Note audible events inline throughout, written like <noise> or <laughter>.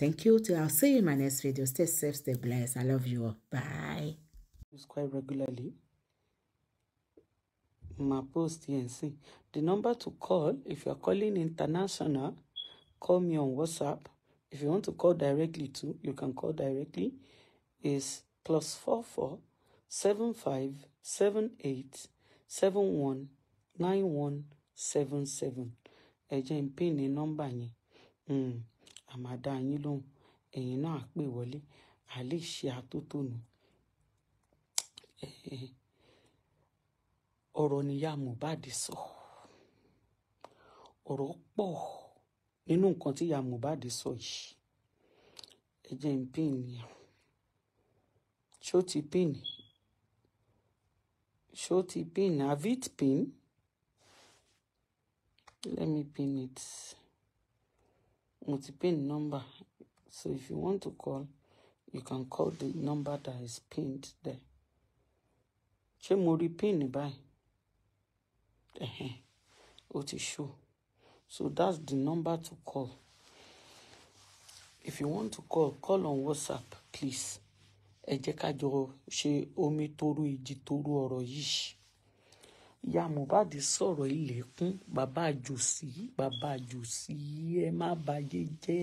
Thank you. Till I'll see you in my next video. Stay safe, stay blessed. I love you all. Bye. It's quite regularly. My post TNC. The number to call, if you're calling international, call me on WhatsApp. If you want to call directly too, you can call directly. Is plus four four seven five seven eight seven one nine one seven seven. Ẹ jẹ́ n number ní nọ́mbà a máa dá yín lóhùn ẹ̀yin náà á pè wọlé a lè ṣe àtótónu ọ̀rọ̀ níyà Mohbad sọ ọ̀rọ̀ pọ̀ nínú nǹkan tí ìyá Mohbad sọ yìí ẹ jẹ́ ń pín ní ṣó ti pín ní ṣó ti pín ní avit pín let me pin it multi-pin number. So if you want to call, you can call the number that is pinned there. Ṣé mo rí pin báyìí? Ẹ̀hẹ̀n, ó show. So that's the number to call. If you want to call, call on WhatsApp, please. Ẹ jẹ́ ká omi toru ìjì toru oro yìí ìyá Mohbad sọ̀rọ̀ ilẹ̀kùn bàbá àjòsí bàbá àjòsí ẹ má bayé jẹ́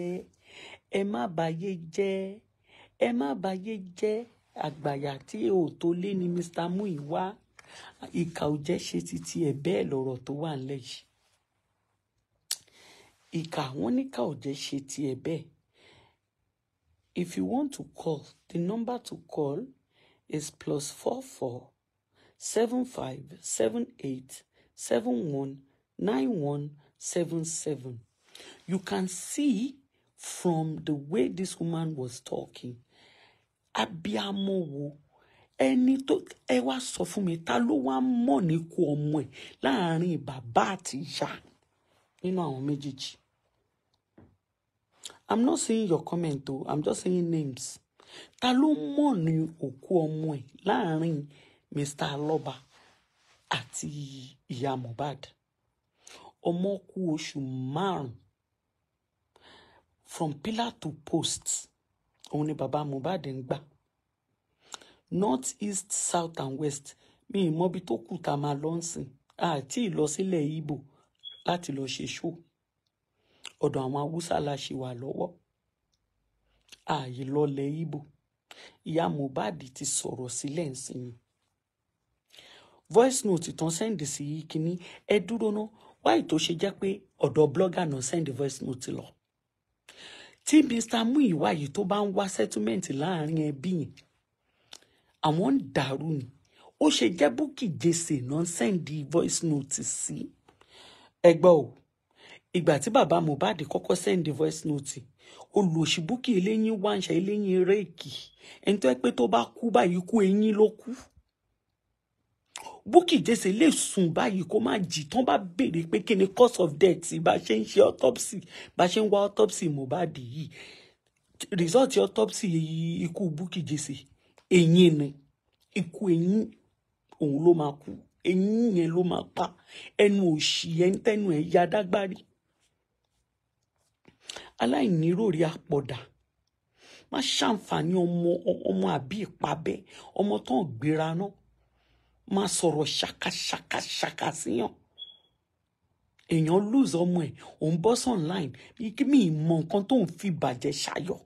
ẹ má bayé jẹ́ ẹ má bayé jẹ́ àgbàyà tí ò tó lé ní Mr Muyi wá ìkà ò ṣe ti tiẹ̀ bẹ́ẹ̀ lọ̀rọ̀ tó wà ńlẹ̀ yìí ìkà wọn ní ká ò ṣe tiẹ̀ bẹ́ẹ̀ if you want to call the number to call is plus four four seven five seven eight seven one nine one seven seven you can see from the way this woman was talking abiamọ wo ẹni tó ẹ wá sọ fún mi ta ló wá mọ̀ ní ku ọmọ ẹ̀ láàrin bàbá àti ìyá nínú àwọn méjèèjì i'm not saying your comment o i'm just saying names ta ló mọ̀ ní òkú ọmọ ẹ̀ láàrin Mr. Aloba àti ìyá Mohbad ọmọ kú oṣù márùn from pillar to post òun ni bàbá Mohbad ń gbà north east south and west mi ì mọbi tó kù tá a máa lọ sìn àti ìlọsílẹ̀ Ìgbò láti lọ ṣe ṣó ọ̀dọ̀ àwọn haúsá la ṣe wà lọ́wọ́ ààyè lọlẹ̀ Ìgbò ìyá Mohbad ti sọ̀rọ̀ sílẹ̀ ń sìn yìí voice note tán sẹ́ǹdì sí kínní ẹ dúró ná wáyé tó ṣe jẹ́ pé ọ̀dọ̀ blogger náà sẹ́ǹdì voice note lọ. tí Mr Muiwa yìí tó bá ń wá settlement láàrin ẹbí yẹn àwọn ń dàrú ni ó ṣe jẹ́ Bukky Jesse náà sẹ́ǹdì voice note sí ẹgbẹ́ o ìgbà tí bàbá Mohbad kọ́kọ́ sẹ́ǹdì voice note olùsí Bukky eléyìn wáńṣẹ́ eléyìn réèkì ẹni tó yẹ pé tó bá kú báyìí kú eyín ló kú. Bukky jese lè sùn báyìí kó má jí tán bá béèrè pé kí ni cause of death bá ṣe ń ṣe autopsy bá ṣe ń wá autopsy Mohbad yìí result autopsy ikú Bukky jese eyín ni ikú eyín òun ló máa kú eyín yẹn ló máa pa ẹnu òṣì yẹn tẹnu ẹ̀ ya dágbárí aláìníròrí àpọ̀dà má ṣàǹfààní ọmọ ọmọ àbí ìpabẹ́ ọmọ tán gbéra náà máa sọ̀rọ̀ ṣàkàṣàkàṣàkà síyàn èèyàn lose ọmọ ẹ̀ òun bọ́s online mi mọ nǹkan tó ń fi bàjẹ́ ṣayọ̀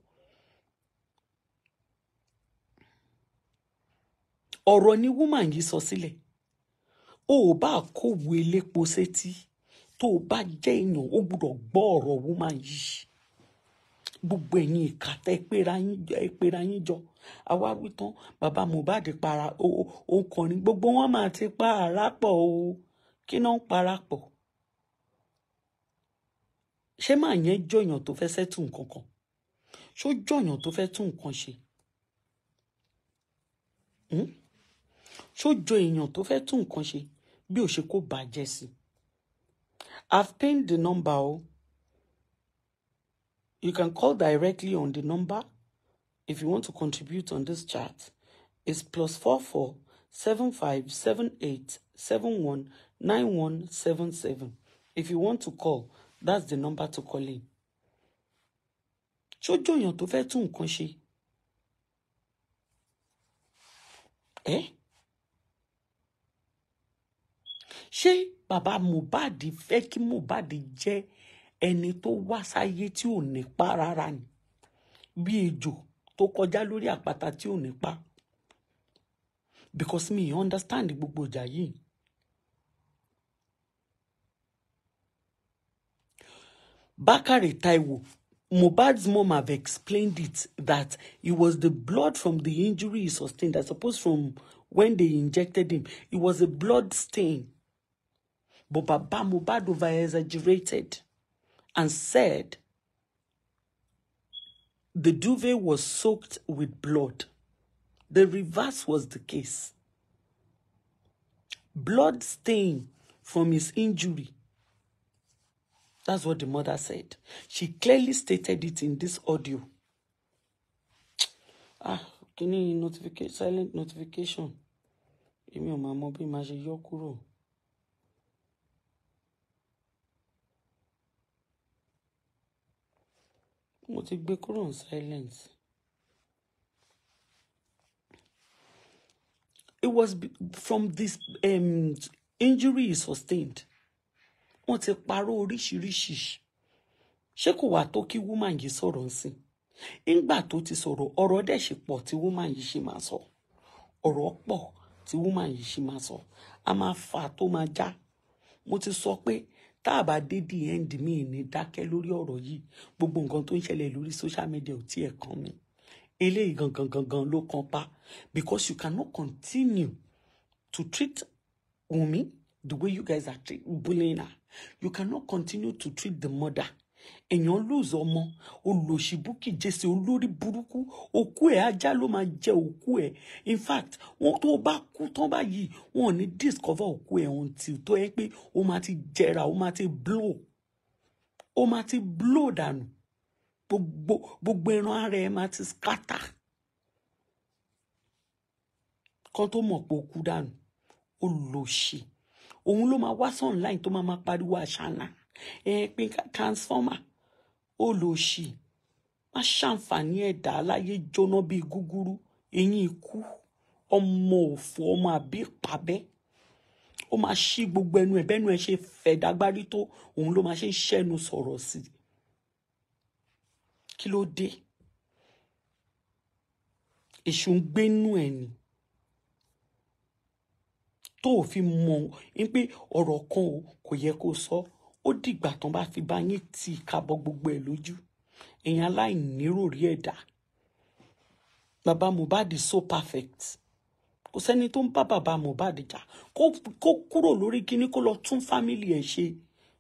ọ̀rọ̀ ni woman yìí sọ sílẹ̀ o ò bá kówó elépo sétí tó o bá jẹ́ èèyàn o gbúdọ̀ gbọ́ ọ̀rọ̀ woman yìí gbogbo ẹ̀yin ìka tẹ́ pera yín jọ ẹ pera yín jọ àwa wí tán bàbá Mohbad para ó ń kọrin gbogbo wọn máa ti pa àràpọ̀ o kí náà ń parapọ̀ ṣé máa yẹn jọyàn tó fẹ́ sẹ́tù nǹkan kan ṣó jọyàn tó fẹ́ tún nǹkan ṣe hmm? ṣó jọ èèyàn tó fẹ́ tún nǹkan ṣe bí ò ṣe kó bàjẹ́ sí i I've pinned the number o. Oh. You can call directly on the number if you want to contribute on this chat. It's plus four four seven five seven eight seven one nine one seven seven. If you want to call, that's the number to call in. Ṣojú èèyàn tó fẹ́ tún eh? She baba ṣé bàbá Mohbad fẹ́ kí Mohbad ẹni tó wá sáyé tí ò nípa rárá ni bí ejò tó kọjá lórí àpáta tí ò nípa because me understand gbogbo ìjà yìí. Bakare Taiwo Mohbad's mom have explained it that it was the blood from the injury he sustained, I suppose from when they injected him. It was a blood stain. But Baba Mohbad over exaggerated and said the duvet was soaked with blood. The reverse was the case. Blood stain from his injury. That's what the mother said. She clearly stated it in this audio. Ah, can you notification, silent notification. Èmi ò my mobile? bí màá ṣe mo ti gbé kúrò ní silent. It was from this um, injury he sustained. Wọ́n ti parọ́ oríṣiríṣi. Ṣé kò wá tó kí woman yìí sọ̀rọ̀ sí? Nígbà tó ti sọ̀rọ̀ ọ̀rọ̀ dẹ̀ ṣe pọ̀ tí woman yìí ṣe máa sọ. Ọ̀rọ̀ pọ̀ tí woman yìí ṣe máa sọ. A máa fà tó máa já. Mo ti sọ pé tá a bá dé di end mi ní dákẹ́ lórí ọ̀rọ̀ yìí gbogbo nǹkan tó ń ṣẹlẹ̀ lórí social media ò tiẹ̀ kàn mí eléyìí gangan gangan ló kan pa because you cannot continue to treat Wunmi the way you guys are treat bullying her you cannot continue to treat the mother èèyàn lose ọmọ olùsìbùkì jẹsẹ olórí burúkú òkú ẹ̀ ajá ló máa jẹ òkú ẹ̀ in fact wọn tó bá kú tán báyìí wọn ní discover òkú ẹ̀ ohun tí tó yẹ pé ó máa ti jẹrà ó máa ti blow ó máa ti blow dànù gbogbo gbogbo ẹran ara ẹ̀ máa ti scatter kan tó mọ̀ pé ó kú dànù olùsì òun ló máa wá sọ̀nláìn tó máa máa pariwo àṣà náà ẹ̀ pé transformer olóṣì má ṣàǹfààní ẹ̀dá aláyé jóná bíi gúgúrú eyín ikú ọmọ òfò ọmọ àbí pàbẹ́ ó máa ṣí gbogbo ẹnu ẹ̀ bẹ́nu ẹ̀ ṣe fẹ̀dágbárí tó òun ló máa ṣe ń ṣẹ́nu sọ̀rọ̀ sí i kí ló dé èṣù ń gbénú ẹ̀ ni tó ò fi mọ̀ ń pé ọ̀rọ̀ kan o kò yẹ kó sọ. So ó dìgbà tán bá fi bá yín tì kábọ gbogbo ẹ lójú èèyàn aláìníròrí ẹ̀dá bàbá Mohbad so perfect kò sẹ́ni tó ń bá bàbá Mohbad jà kó kúrò lórí kíní kó lọ tún fámìlì ẹ̀ ṣe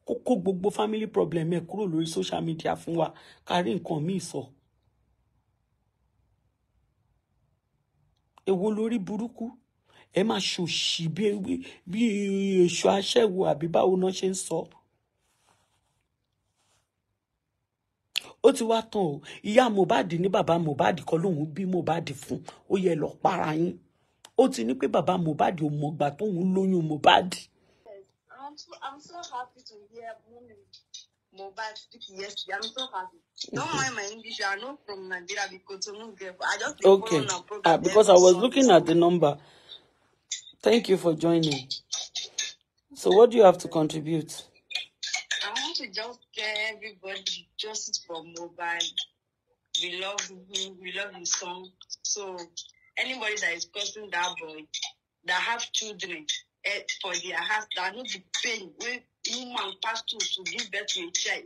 kó kó gbogbo family problem ẹ̀ kúrò lórí social media fún wa kárí nǹkan míì sọ. èwo lórí burúkú ẹ máa ṣòṣì bí èso aṣẹ́wó àbí báwo náà ṣe ń sọ. So. ó ti wá tán o ìyá Mohbad ní bàbá Mohbad kọ́ lòun bí Mohbad fún ó yẹ lọ para yín ó ti ní pé bàbá Mohbad ò mọ̀gbà tóun lóyún Mohbad. okay. Ah, mm-hmm. because I ah, was looking at the number. Thank you for joining. So what do you have to contribute? want to just get everybody just for mobile. We love him, we love you song. So anybody that is cursing that boy that have children eh, for their house that know the pain when woman pass through to give birth to a child.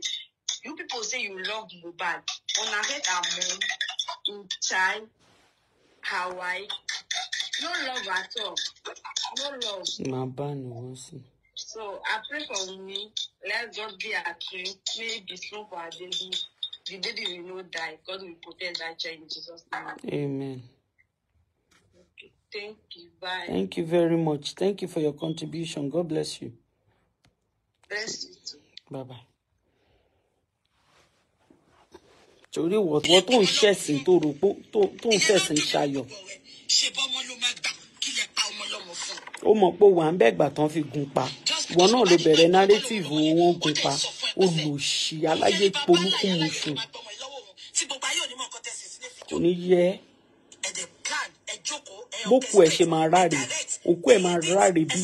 You people say you love mobile. On a hate our mom in child, Hawaii. No love at all. No love. My bad, no. So I pray for me Let's just be at peace. May be so for our baby. The baby will not die. God will protect that child in Jesus' name. Amen. Thank you. Bye. Thank you very much. Thank you for your contribution. God bless you. Bless you too. Bye bye. torí wọ́n tó ń ṣẹ̀sìn tó rò pé tó ń ṣẹ̀sìn ṣayọ̀ ó mọ̀ pé wà ń bẹ̀ gbà tán fi gun pa ìwọ náà ló bẹ̀rẹ̀ nárétìfù wọn gun pa olùsí aláyé polúkúmuṣu kò ní yẹ bókù ẹ ṣe máa ráre òkú ẹ máa ráre bí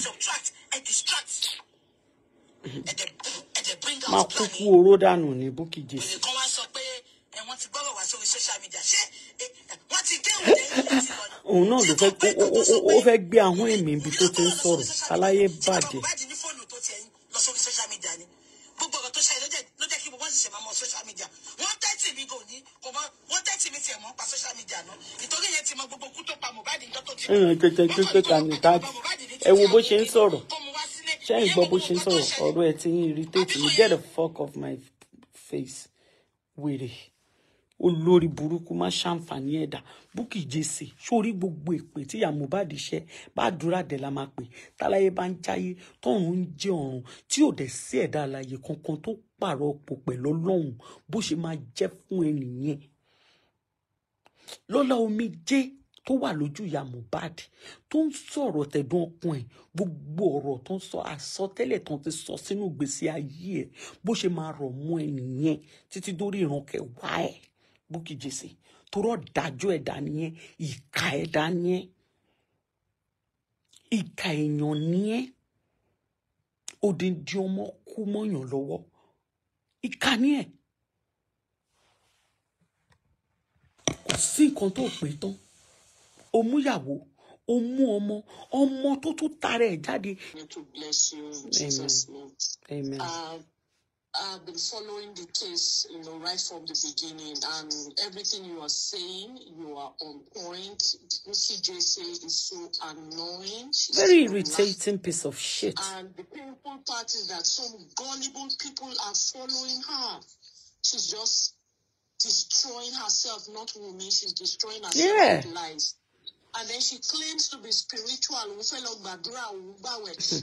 máa kúkú oró dànù ní bókì jésù. òun náà ló fẹ́ ó fẹ́ gbé ahọ́n èmi ibi tó ti ń sọ̀rọ̀ aláyé bàjẹ́. ẹ wo bó ṣe ń sọ̀rọ̀ ṣé ẹ̀ gbọ́ bó ṣe ń sọ̀rọ̀ ọ̀rọ̀ ẹ̀ ti ń irritate me get the fuck off my face wèrè. Really olórí burúkú má ṣàǹfààní ẹ̀dá Bukky Jesse sórí gbogbo èpè tí ìyá Mohbad ṣe bàdúrà dẹ̀ la máa pè táláyé bá ń jáyé tọ́run ń jẹ́ ọ̀run tí ò dẹ̀ sí ẹ̀dá alààyè kankan tó pààrọ̀ ọ̀pọ̀ pẹ̀lú ọlọ́run bó ṣe máa jẹ́ fún ẹnìyẹn lọ́lá omijé tó wà lójú ìyá Mohbad tó ń sọ̀rọ̀ tẹ̀dùn ọkàn ẹ̀ gbogbo ọ̀rọ̀ tó ń sọ àsọtẹ́lẹ̀ tó ti sọ sínú ìgbésí ayé ẹ̀ bó ṣe máa rọ̀ mọ́ ẹ nìyẹn títí dórí ìran kẹwàá ẹ̀. Bukky Jesse torọ dájọ́ ẹ̀dá e nìyẹn ìka ẹ̀dá e nìyẹn ìka èèyàn e nìyẹn odindi ọmọ kú mọ́yàn lọ́wọ́ ìka nìyẹn kò sí nǹkan tó pè tán o mú ìyàwó o mú ọmọ ọmọ tó tún tara ẹ̀ jáde. Amen. Amen. Uh, I've been following the case, you know, right from the beginning, and everything you are saying, you are on point. Lucy JC is so annoying. She's Very so irritating piece of shit. And the painful part is that some gullible people are following her. She's just destroying herself, not women. She's destroying herself yeah. with lies and then she claims to be spiritual hmm.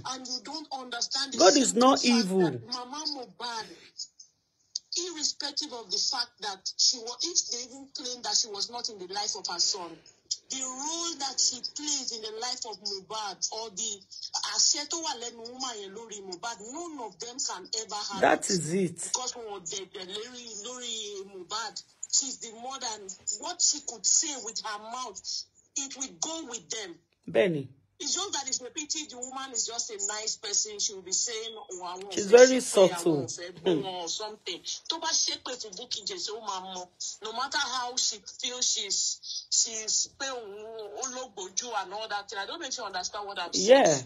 and you don't understand god is not evil mama Mubad, irrespective of the fact that she was if they even claim that she was not in the life of her son the role that she plays in the life of Mubad or the Ashetowale woman in Mubad, none of them can ever have. That is it. Because oh, the, the Lori, Lori Mubad, she's the mother, and what she could say with her mouth, it will go with them. Benny. It's just that it's repeated. the woman is just a nice person. She will be saying, oh, I want She's very subtle. <laughs> Or something. No matter how she feels she's she's and all that thing. I don't make you understand what I'm saying. Yeah.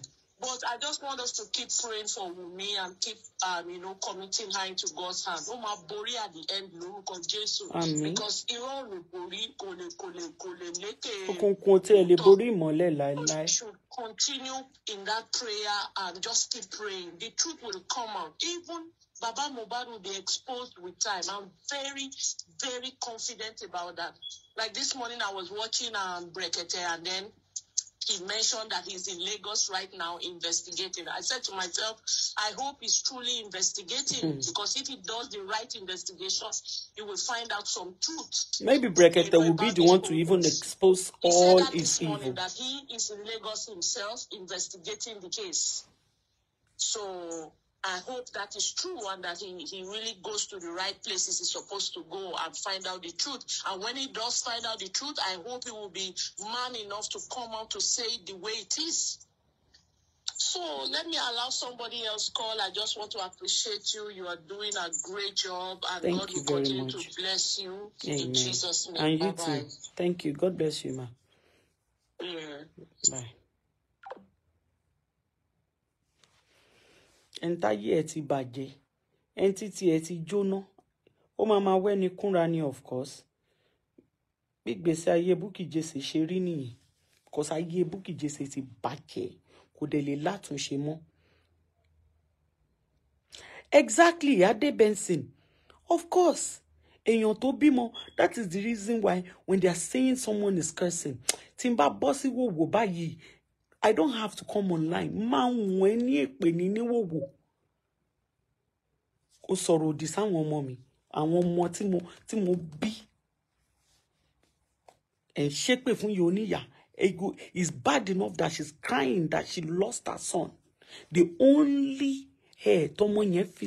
But I just want us to keep praying for me and keep, um, you know, committing her into God's hand. Ó máa borí at the end Lord, Jésù. Àmín. Because irọ́ should continue in that prayer and just keep praying. The truth will come out. Even Baba Mubad will be exposed with time. I'm very, very confident about that. Like this morning, I was watching um, Brekete and then he mentioned that he's in Lagos right now investigating. I said to myself, I hope he's truly investigating mm. because if he does the right investigations, he will find out some truth. Maybe that will be the one to even expose he all said that his this evil. Morning that he is in Lagos himself investigating the case. So I hope that is true and that he, he really goes to the right places he's supposed to go and find out the truth. And when he does find out the truth, I hope he will be man enough to come out to say it the way it is. So let me allow somebody else call. I just want to appreciate you. You are doing a great job, and Thank God you will continue much. to bless you Amen. in Jesus' name. And you Bye-bye. too. Thank you. God bless you, ma. Yeah. Bye. ẹni ẹ ti bàjẹ́ ẹni ẹ ti jóná ó máa máa wẹ́ni kúnra ni of course gbígbèsè ayé Bukky Jesse ṣe rí nìyí kọsí ayé Bukky Jesse ti bàjẹ́ kò dẹ̀ lè látúnṣe mọ́. exactly Ade Benson of course èèyàn tó bímọ that is the reason why when they are saying someone is cursing tí n bá bọ́ sí wòwò báyìí I don't have to come online man. When you ẹ́ ní èpè ní níwòwò kò sọ̀rọ̀ òdì sáwọn ọmọ mi àwọn ọmọ tí mo tí mo bí ẹ̀ ṣépè fún yìí oníyà ego is bad enough that she's crying that she lost her son the only ẹ tọmọ yẹn fi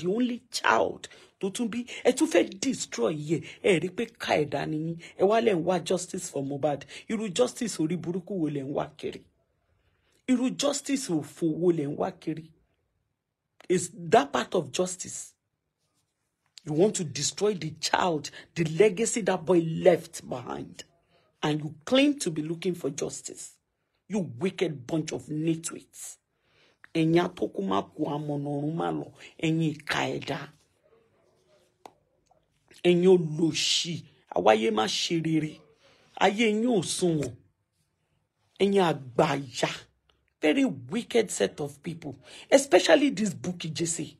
the only child to tún bí ẹ tún fẹ́ destroy ye. ẹ rí pé ká ẹ̀dá nìyí ẹ justice for Mohbad irú justice orí burúkú wo lẹ̀ ń kiri irú justice ò fowó lẹ̀ ń wá kiri is that part of justice you want to destroy the child the legacy that boy left behind and you claim to be looking for justice you wicked bunch of nitwits ẹ̀yin atókù má kó amọ̀nà ọ̀run má lọ ẹ̀yin ìka ẹ̀dá ẹ̀yin olóṣì àwáyé má ṣe rere ayé yín ò sunwọ̀n ẹ̀yin àgbàyà very wicked set of people, especially this Bukky Jesse.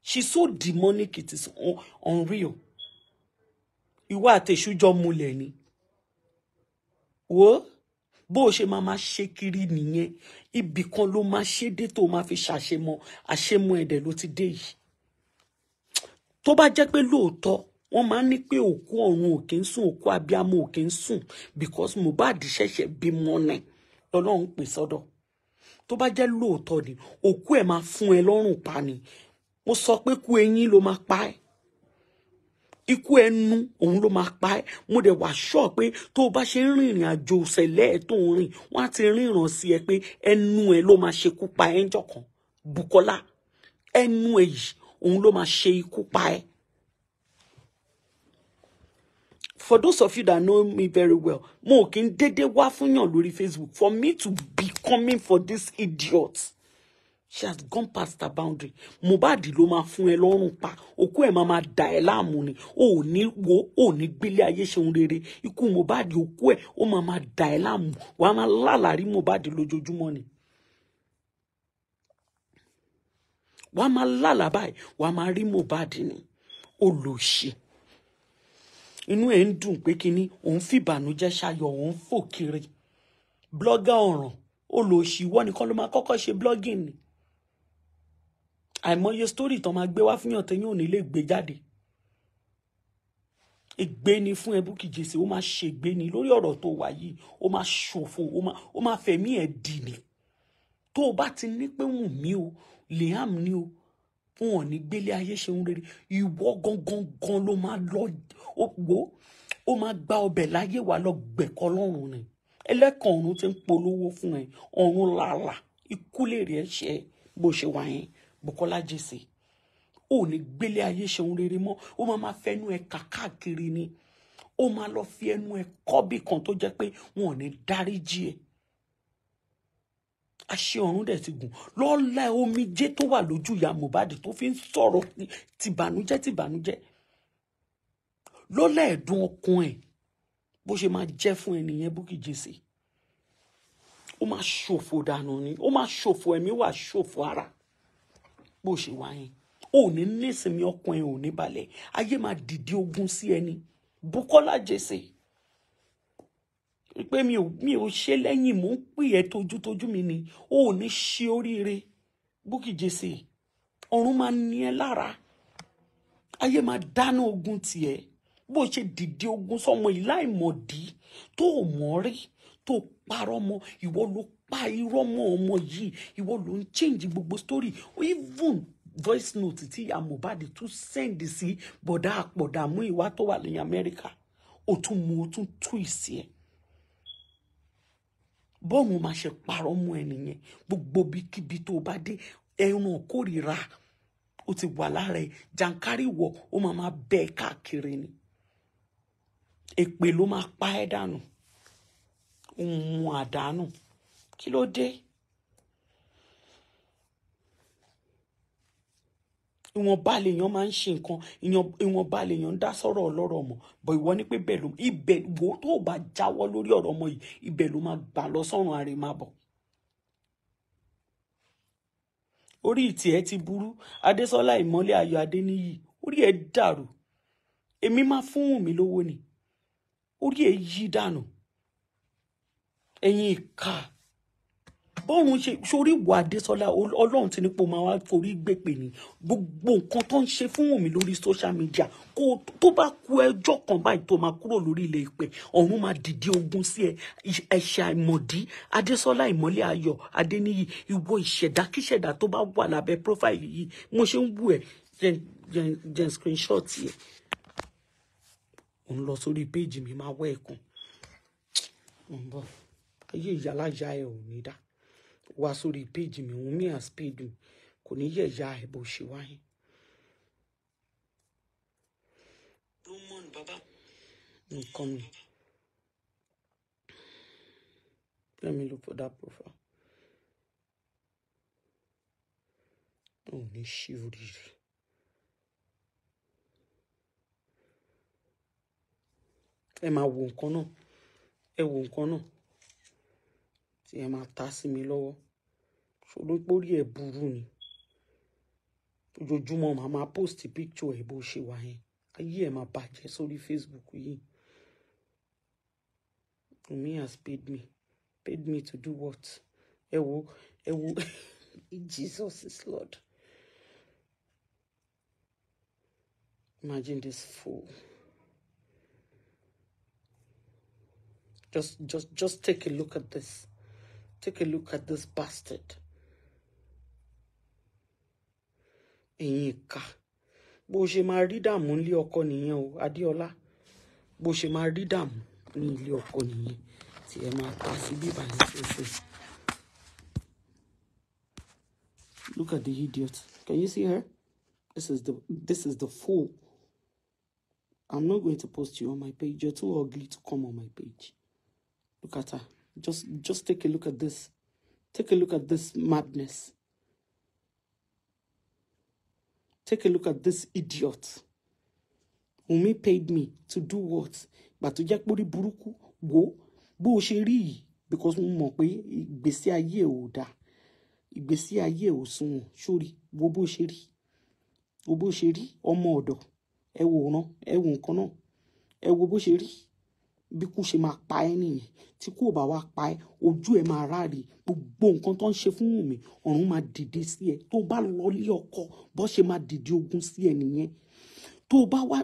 She's so demonic, it is un unreal. Ìwọ àtẹ̀ṣù jọ múlẹ̀ ni. Wo bó o ṣe máa máa ṣe kiri nìyẹn ibì kan ló máa ṣe dé tó máa fi ṣàṣemọ àṣemọ ẹ̀dẹ̀ ló ti dé yìí. Tó bá jẹ́ pé lóòótọ́ wọ́n máa ń ní pé òkú ọ̀run òkè ń sùn òkú abiyamọ òkè ń sùn because Mohbad ṣẹ̀ṣẹ̀ bímọ ni lọ́lọ́run pè tó bá jẹ́ lóòótọ́ ni òkú ẹ̀ máa fún ẹ lọ́rùn pa ni mo sọ pé kú eyín ló máa pa ẹ́ ikú ẹnu òun ló máa pa ẹ́ mo dẹ̀ wá sọ pé tó o bá ṣe ń rìn ìrìn àjò ṣẹlẹ̀ tó ń rìn wọ́n á ti rìn sí ẹ pé ẹnu ẹ ló máa ṣekú pa ẹ́ ń jọ̀kan Bukola ẹnu ẹ yìí òun ló máa ṣe ikú pa ẹ́ for those of you that know me very well mo kì í dédé wá fún yàn facebook for me to be coming for this idiot she has gone past the boundary Mubadi ló máa fún ẹ lọ́rùn pa òkú ẹ̀ máa máa dà ẹ́ láàmú ni ò ní wo ò ni gbélé ayé ṣeun rere ikú Mohbad òkú ẹ̀ ó máa máa dà ẹ́ láàmú wàá máa lálàrí Mohbad lójoojúmọ́ ni. wàá máa lálàá báyìí wàá máa rí Mohbad ni olóṣèlú inú ẹ̀ ń dùn pé kínní òun fìbànújẹ́ ṣayọ̀ òun fò kiri blọ́gà ọ̀ràn olóòṣì ìwọ nìkan ló máa kọ́kọ́ ṣe blogging ni àìmọye story tán máa gbé wá fún yàn tẹ́yìn òní lè gbé jáde ègbé ni fún ẹ Bukky Jesse ó máa ṣègbé ni lórí ọ̀rọ̀ tó wà yìí ó máa ṣòfò ó máa fẹ̀mí ẹ̀ dì ní tó o bá ti ní pé Wùnmí o Liam ni o fún wọn ní gbélé ayé ṣeun rere ìwọ gangan gan ló máa lọ wò ó máa gba ọbẹ̀ láyé wa lọ gbẹ̀kọ́ lọ́rùn ni ẹlẹ́kàn ọ̀run ti ń polówó fún ẹ ọ̀run làlà ikú lè rí ẹ ṣe bó ṣe wà yẹn Bùkọ́lá Jèsè ò ní gbélé ayé ṣeun rere mọ́ ó máa máa fẹnu ẹ kàkàkiri ni ó máa lọ fi ẹnu ẹ kọ́bì kan tó jẹ́ pé wọn ò ní dáríjì ẹ̀ àṣẹ ọ̀run dẹ̀ ti gùn lọ́la omijé tó wà lójú ìyá Mohbad tó fi ń sọ̀rọ̀ tìbànújẹ́ tìbànújẹ́ lọ́la ẹ̀dùn ọkàn ẹ̀ bó ṣe máa jẹ́ fún ẹnìyẹn Bukky Jesse ó máa ṣòfò dànù ni ó máa ṣòfò ẹ̀mí wà ṣòfò ara bó ṣe wá yẹn ò ní nísìnyí ọkàn ẹ̀ ò ní balẹ̀ ayé máa dìde ogun sí ẹni Bukola Jesse pé mi ò mi ò ṣe lẹ́yìn mò ń pè ẹ́ tojútojú mi ni o ò ní ṣe oríire Bukky Jesse ọ̀run máa ní ẹ lára ayé máa dáná ogun tiẹ̀ bó ṣe dìde ogun sọmọ yìí láìmọ̀dí tó o mọ̀ rí tó o parọ́ mọ́ ìwọ ló pa irọ́ mọ́ ọmọ yìí ìwọ ló ń change gbogbo story even voice note ti ya Mohbad tún send sí bọ̀dá àpọ̀dàmú ìwà tó wà lẹ́yìn Amẹ́ríkà ó tún mú ó tún tú ìsí bọ́ọ̀hún máa ṣe parọ́ mọ́ ẹ nìyẹn gbogbo bíkíbi tó bá dé ẹran kórìíra ó ti wà lára ẹ jàǹkárí wọ ó máa máa bẹ ẹ káàkiri ni èpè ló máa pa ẹ dànù òun àdánù kí ló dé ìwọ̀nba lèèyàn máa ń ṣe nǹkan ìwọ̀nba lèèyàn ń dá sọ̀rọ̀ ọlọ́rọ̀ mọ̀ bọ̀ ìwọ ni pé bẹ́ẹ̀ ló ibẹ̀ wo tó bá jáwọ́ lórí ọ̀rọ̀ ọmọ yìí ibẹ̀ ló máa gbà lọ sọ́run àrè máa bọ̀. orí ìtì ẹ ti burú adésọlá ìmọ́lẹ̀ ayọ̀ adéníyì orí ẹ dàrú èmi máa fún mi lówó ni orí ẹ yí dànù ẹ̀yin ìka bọ́run ṣe sórí ìwà Adésọlá ọlọ́run ti ní pò máa wá forí gbèpè ní gbogbo nǹkan tó ń ṣe fún Wùmí lórí social media kó tó bá kú ẹjọ́ kan báyìí tó máa kúrò lórí ilẹ̀ ìpẹ́ ọ̀run máa dìde ogun sí ẹ ẹ̀ṣẹ̀ àìmọ̀dí Adésọlá ìmọ́lẹ̀ ayọ̀ Adéníyì ìwọ ìṣẹ̀dákíṣẹ̀dá tó bá wà lábẹ́ profile yìí mo ṣe ń wù ẹ́ jẹ́ screenshot yẹ òun lọ sórí péjì mi máa wọ ẹ̀kan ń bọ̀ ayé ìyá láyà ò ní dá wá sórí péjì mi Wunmi Aspedu kò ní yẹ̀yà ẹ̀ bó ṣe wáyé. nǹkan mi let me look for that profile. ò ní ṣí oríire. ẹ máa wo nǹkan náà ẹ wo nǹkan náà. tí ẹ máa ta sí mi lọ́wọ́ ṣòro pórí ẹ̀ burú ni ojoojúmọ́ màá máa post picture ẹ̀ bó ṣe wà yẹn ayé ẹ̀ máa bàjẹ́ sórí Facebook yìí Wunmi has paid me paid me to do what ẹ wo ẹ wo <laughs> Jesus is Lord imagine this fool. Just, just, just take a look at this. Take a look at this bastard. Ẹ̀yin ìka. Bó ṣe máa rí dààmú nílé ọkọ nìyẹn o, Adéọlá. Bó ṣe máa rí dààmú ní ilé ọkọ nìyẹn tí ẹ máa ta sí bíbà ní ṣoṣo. Look at the idiot. Can you see her? This is the this is the fool. I'm not going to post you on my page. You're too ugly to come on my page. Look at her. Just, just take a look at this. Take a look at this madness. Take a look at this idiot. Wunmi paid me to do what? But to jẹ́ pórí buruku wo bó o ṣe because mo mọ̀ pé ìgbésí ayé ò dáa ìgbésí ayé ò sunwọ̀n sórí wo bó o ṣe rí wo bó o ṣe rí ọmọ ọ̀dọ̀ ẹ wò ràn ẹ wò nǹkan náà wo bó ṣe rí bí kú ṣe máa pa ẹ́ nìyẹn tí kú ò bá wá pa ẹ́ ojú ẹ̀ máa ráre gbogbo nǹkan tó ń ṣe fún mi ọ̀run máa dìde sí ẹ tó bá lọlé ọkọ bó ṣe máa dìde ogun sí ẹ nìyẹn tó bá wá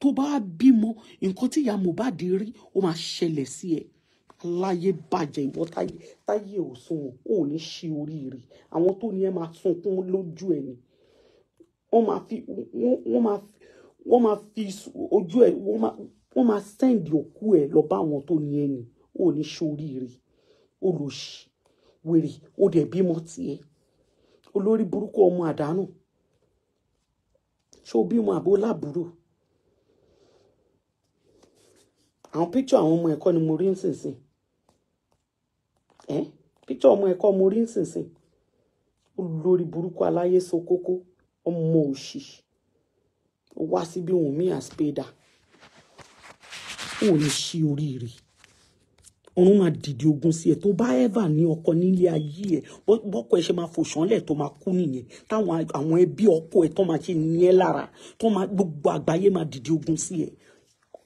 tó bá bímọ nǹkan tí ìyá Mohbad rí ó máa ṣẹlẹ̀ sí ẹ láyé bàjẹ́ ìwọ táyé táyé ò sùn ò ní ṣe oríire àwọn tó ní ẹ máa sunkún lójú ẹ ni wọ́n máa fi ojú ẹ wọ́n máa wọ́n máa send òkú ẹ̀ lọ bá àwọn tó ní ẹni ò ní ṣoríire olòṣì wèrè ó dẹ̀ bímọ tiẹ̀ olórí burúkú ọmọ àdánù ṣó bímọ àbó lábúrò àwọn píkṣọ àwọn ọmọ ẹ̀kọ́ ni mo rí nísinsìn ẹ́ píkṣọ ọmọ ẹ̀kọ́ mo rí nísinsìn olórí burúkú aláyé so kókó ọmọ òṣì ó wá síbi Wùnmí àspédà ò ní ṣí oríire ọ̀run máa dìde ogun sí ẹ tó bá ẹ̀fà ní ọkọ nílé ayé ẹ bọ́kọ ẹ ṣe máa fòṣánlẹ̀ tó máa kú nìyẹn táwọn àwọn ẹbí ọkọ ẹ tó máa ṣe ní ẹ lára tó máa gbogbo àgbáyé máa dìde ogun sí ẹ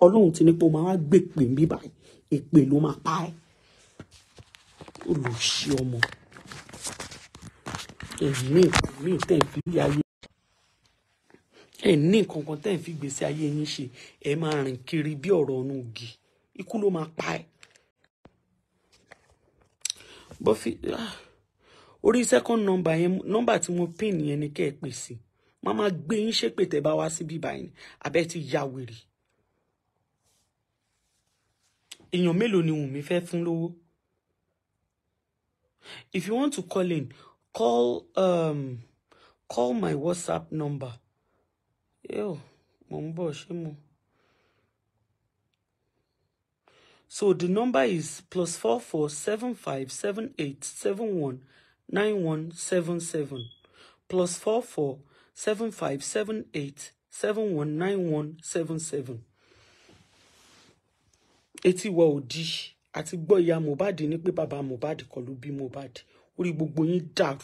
ọlọ́run ti ní pé ó máa wá gbé pè mí báyìí èpè ló máa pa ẹ olùṣí ọmọ èyí ní ìpínlẹ̀ tẹ̀ ìpínlẹ̀ ayé ẹ ní nǹkan kan tẹ́ ẹ̀ fi gbèsè ayé yín ṣe ẹ máa rìn kiri bí ọ̀rọ̀ ọ̀nù ògì ikú ló máa pa ẹ́. Ah, orí second number yẹn number tí mo pin yẹn ni kẹ́ ẹ pè sí máa máa gbé yín ṣépè tẹ́ bá wá sí bíbá yẹn abẹ́ ti ya wèrè. èèyàn mélòó ni Wùnmí fẹ́ fún lówó? if you want to call in call um, call my WhatsApp number yo mo ń bọ̀ ṣé mo. So the number is plus four four seven five seven eight seven one nine one seven seven plus four four seven five seven eight seven one nine one seven seven. Etí wa òdì àti gbọ́ ìyá Mohbad ní pé bàbá Mohbad kọ́ ló bí Mohbad orí gbogbo yín dàrú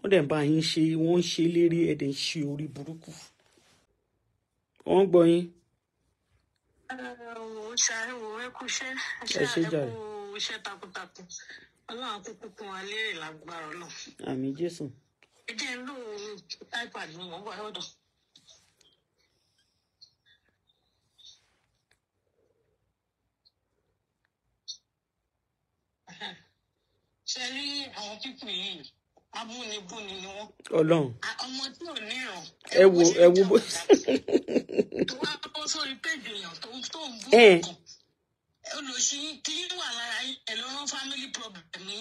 wọ́n dẹ̀ ń bá yín ṣe wọ́n ń ṣe lérí ẹ̀dẹ̀ ń ṣe orí burúkú wọ́n ń gbọ́ yín. ẹ ṣe jàre. ọlọ́run kúkú kún wa lérè lágbára náà. àmín jésù. ẹ jẹ́ ń lò ipad mi mọ̀ wá ọ̀dọ̀. ṣe rí àwọn pípù yìí abúnibúni ni wọn. Ọlọ́run. ọmọ tí ò ní ìràn. ẹ wo ẹ wo bó. tó wá bọ́ sórí péjì èèyàn tó ń tó ń bú nǹkan. olùsí kí wà lára ẹ ló family problem ní.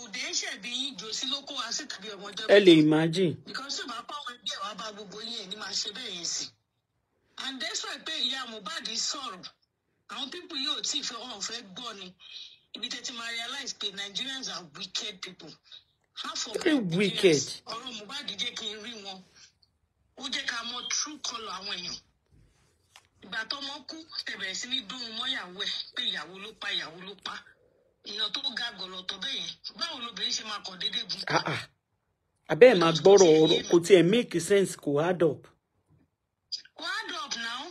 òde ṣẹ̀bi yín jòsí ló kó wa sí tàbí ọmọ jẹ́. ẹ lè imagine. because tó bá pàwọn ẹbí ẹ wá bá gbogbo yín ẹ ní máa ṣe bẹ́ẹ̀ yẹn sí. and pé ìyá Mohbad sọ̀rọ̀ àwọn pípù yóò tí ì fẹ́ wọn fẹ́ gbọ́ ni ibi tẹ́tí máa realize pé Nigerians are wicked people half Very wicked. Ah ah, jẹ́ kí n rí wọn ó jẹ́ máa ah, ah. gbọ́rọ̀ ọ̀rọ̀ kò tiẹ̀ make sense kò add up. kò up now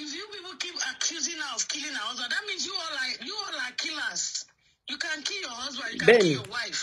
if you people keep accusing her killing her that means you all are you all are killers you can kill your husband you can kill your wife.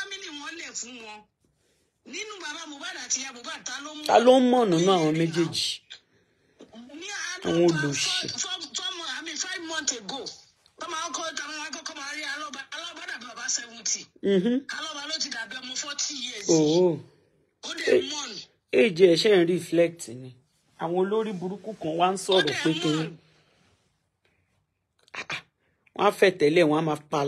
ta ló ń mọ̀nà náà àwọn méjèèjì àwọn olùṣe. tọmọ àmì five months ago tọmọ akọ tọmọ akọkọ máa rí alọba alọba èjì ẹ̀ ṣe ń reflect ni àwọn olórí burúkú kan wá ń sọ̀rọ̀ pé kí ah, ah. wọ́n fẹ̀ tẹ́lẹ̀ wọ́n á máa pa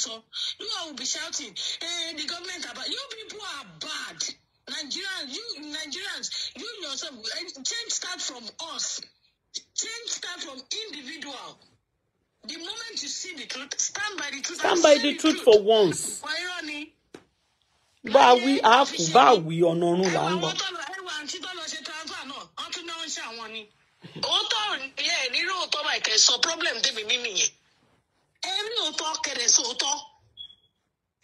sọ you all will be shouting eh the government about you people are bad nigerians you nigerians you yourself eh, change start from us change start from individual the moment you see the truth stand by the truth stand by the truth, truth for once. bá eh, a wí àáfù bá a wí ọ̀nà ọ̀run là ń lọ. ẹwà àǹtí tó lọ ṣe transfer náà wọn tún náà ń ṣe àwọn ni. òótọ́ ẹ̀ nírú òótọ́ báyìí kẹ́ sọ problem débi mímì yẹn ẹ òótọ́ kẹrẹ sóòótọ́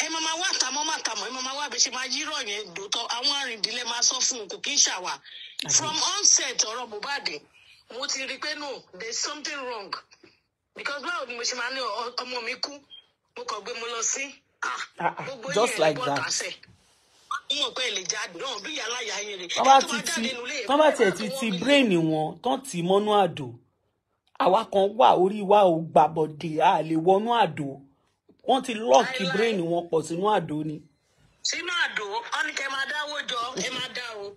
ẹ máa máa wá àtàmọ́ máa tàmọ́ ẹ máa máa wá àbẹ̀ṣe máa yírọ̀ yẹn dòótọ́ àwọn arìndínlẹ̀ máa sọ fún un kò kí ń ṣàwà from onset ọ̀rọ̀ Mohbad mo ti rí i pé no there is something wrong because báwo ni mo ṣe máa ní ọmọ mi kú mo kàn gbé mo lọ sí ah, ah, ah gbogbo yẹn bọ́ tàṣẹ wọn pẹ́ lè jáde náà bí yàrá yà yẹn rè é tó bá jáde nulẹ̀. tọ́ bá ti ti brain wọn tán ti mọ́nú àdó àwa kan wà orí wa ò gbàbọ̀dè a lè wọnú àdó wọ́n ti lọ́ọ̀kì brain wọn pọ̀ sínú àdó ni. sínú àdó wọn ní kẹ́ máa dáwó jọ ẹ máa dá o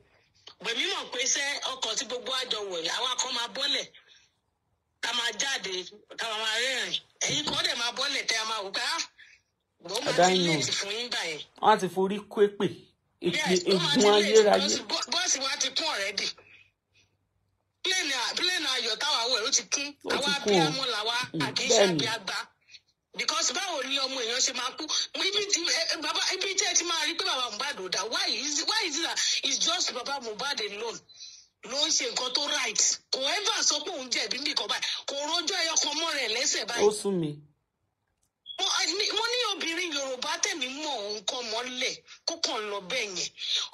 gbèmí mọ̀ pé sẹ́ ọkọ̀ tí gbogbo àjọ wọ̀ yìí àwa kan máa bọ́lẹ̀ ká máa jáde ká máa rẹ́rìn ẹ̀yin kan dẹ̀ máa bọ́lẹ̀ tẹ́ a máa wù ká wọ́n máa ti lè ti fún yín gbà yẹn. wọ́n á ti forí kó pè é egun ayérayé. bọ́ọ̀sì wa ti kún ọ̀rẹ́dì plane ayọ̀ táwa wẹ̀ ó ti kún àwa abiyamọ làwa mm, àti iṣẹ́ abiyagba because báwo ni ọmọ èèyàn ṣe máa kú ibi tí baba ibi tí ẹ ti máa rí pé baba Mohbad ò dá why is why is that it's just baba Mohbad alone ló ń ṣe nǹkan tó right kò ever sọ pé òun jẹ̀bi nìkan báyìí kò rojọ́ ẹyọ mọ́ rẹ̀ lẹ́sẹ̀ báyìí. ó sún mi mo ní obìnrin yorùbá tèmi mọ̀ òun kọ́ mọ́lẹ̀ kó kàn lọ bẹ́ẹ̀ yẹn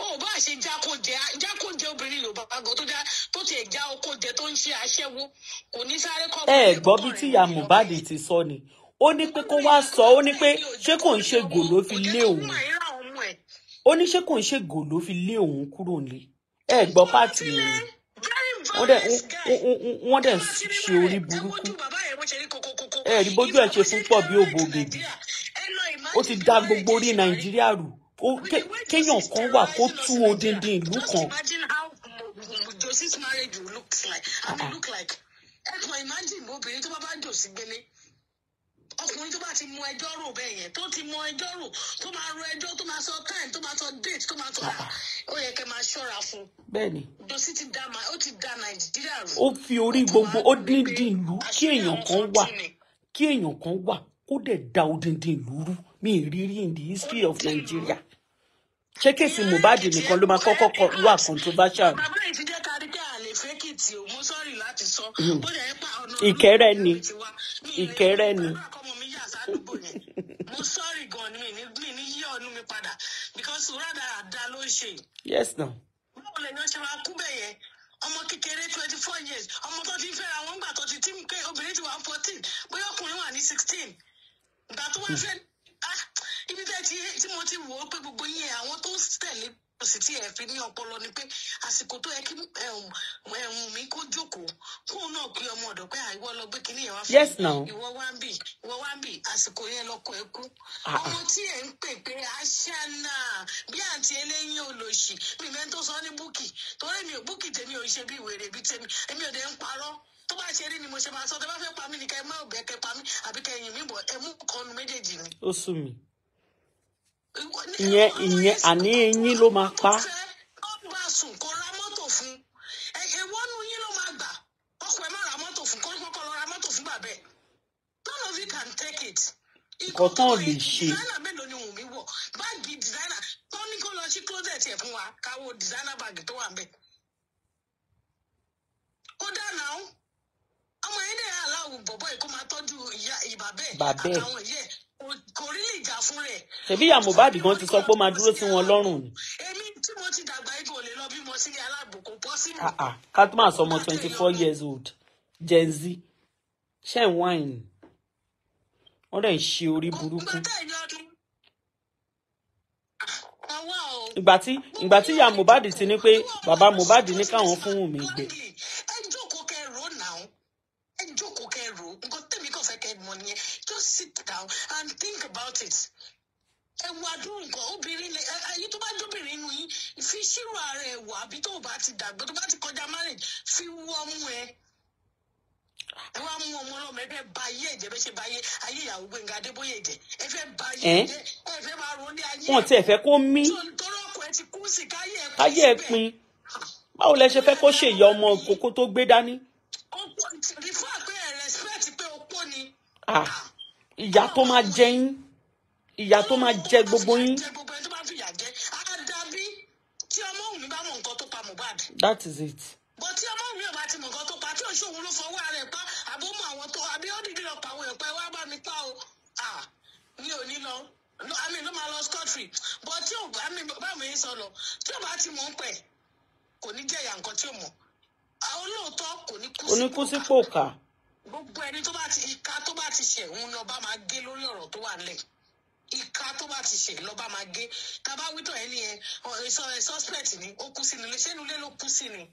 ó bá ṣe jákòjẹ jákòjẹ obìnrin yorùbá gan tó já tó tiẹ̀ já oko jẹ tó ń ṣe aṣẹ́wó kò ní sáré kọ́. ẹ gbọ́ bí tí ìyá Mohbad ti sọ ni ó ní pé kó wá sọ ó ní pé ṣé kò ń ṣe gò ló fi lé òun ó ní ṣé kò ń ṣe gò ló fi lé òun kúrò nílé ẹ gbọ́ pàtì yẹn wọ́n dẹ̀ ṣe orí burúkú ẹ rí bójú ẹ ṣe fún pọ̀ bí òbò bèbí ó ti dá gbogbo orí nàìjíríà rù kéèyàn kan wà kó tú odindi ìlú kan. Joseph's marriage will look like. I mean, look like. Ẹ kàn imagine obìnrin tó bá bá Jòsí gbélé. Ọkùnrin tó bá ti mọ ẹjọ́ rò bẹ́ẹ̀ yẹn, tó ti mọ ẹjọ́ rò, tó máa ro ẹjọ́, tó máa sọ time, tó máa sọ date, tó máa sọ ah, ah. ó yẹ kẹ́ máa ṣọ́ra fún. Bẹ́ẹ̀ni. Jòsí ti da ó ti da Nàìjíríà rò. Ó fi orí gbogbo ó dín dín ìlú kí èèyàn kan wà kí èèyàn kan wà kó dẹ̀ da odindi ìlú mi ìrírí in the history of Nigeria ṣé kèsì Mohbad nìkan ló máa kọ́kọ́ kọ wà controversial. Hmm. ìkẹrẹ ni ìkẹrẹ ni. mo sọ́ọ̀rì gan-an mi ní ní yí ọ̀nù mi padà because rádàrà dá ló ń ṣe. yes na. báwo lè yan ṣe máa kú bẹ́ẹ̀ yẹn ọmọ kékeré twenty four years ọmọ tó ti fẹ́ra wọn gbà tó ti tí pé obìnrin ti wà fourteen bóyá ọkùnrin wà ní sixteen gbà tó wá hmm. fẹ́ ah, ibi tẹ́ tí mo ti wò ó pé gbogbo yín àwọn tó tẹ̀lé sì tí ẹ fi ní ọpọlọ ni pé àsìkò tó yẹ kí ẹhùn mi kó jókòó kó náà pé ọmọ ọ̀dọ̀ pé àìwọ lọ gbé kínní yẹn wá fún mi ìwọ wá ń bì ìwọ wá ń bì àsìkò yẹn lọkọ ẹ kú ah, ah. ọmọ tí ẹ ń pè pé aṣáná bí àǹtí eléyìn olóṣì mi mẹ́ tó sọ ní búkì torí mi ò búkì tèmi ò ṣe bí wèrè bí tèmi èmi ò dé ń parọ́ tó bá ṣe rí ni mo ṣe máa sọ tó bá fẹ́ pa mí ni kẹ́ ìyẹn ìyẹn àní eyín ló máa pa. ọkùnrin máa lè ṣe. designer mélòó kò rí lè jà fún rẹ̀. ṣebí ìyá Mohbad gan ti sọ pé ó máa dúró sí wọn lọ́rùn ni. èmi tí mo ti dàgbà igbó lè lọ bímọ sílé aláàbò kò sí mi. Ah, ah, ká tó máa sọ ọmọ twenty four years old Gen Z ṣe ń wáìnì wọ́n dẹ̀ ń ṣe orí burúkú. Ah, ìgbà tí ìyá Mohbad ti ní pé bàbá Mohbad ní káwọn fún Wùmí gbé. and think about it ẹ wo àdúrà nǹkan obìnrin lè ayé tó bá jóbìnrin inú yín fi ṣírò ara ẹ wò àbí tó bá ti dàgbà tó bá ti kọjá marriage fi wú ọmú ẹ ẹ wá mú ọmọ ọlọmọ ẹ fẹ́ bà ayé ẹ̀jẹ̀ bẹ ṣe bà ayé ayé ìyàwó Gbẹ́ngà Adébóyè jẹ́ ẹ fẹ́ bà ayé ẹ̀jẹ̀ ẹ fẹ́ máa ronú ayé ẹ wọn tiẹ̀ fẹ́ kó mí káyé ẹ pin báwo lẹ ṣe fẹ́ kó ṣèyá ọmọ kókó tó gbé dání. ó pọ̀ nítorí fún àpẹẹrẹ respect pé ó pọ̀ ni. Ah ìyà tó máa jẹ yín ìyà tó máa jẹ gbogbo yín. that is it. bó tí ọmọ mi ò bá ti mọ̀ nǹkan tó pa tí òṣòwò ló fọwọ́ ara ẹ̀ pa àbómọ̀ àwọn tó àbí ó dìde àwọn ẹ̀pẹ́ wá bá mi pa o mi ò ní lọ àmì ló máa lọ scotry but tí ò bá mi báwo yín sọ lọ tí ò bá ti mọ̀ ń pẹ̀ kò ní jẹ̀yà nǹkan tí ò mọ̀ olóòótọ́ kò ní kú sípò kà gbogbo ẹni tó bá ti ìka tó bá ti ṣẹ̀ ń lọ́ba máa gé lórí ọ̀rọ̀ tó wà nílẹ̀ ìka tó bá ti ṣẹ̀ lọ́ba máa gé tábà wítọ̀ ẹni yẹn suspect ni ó kú sí ni ṣé inú ilé ló kú sí ni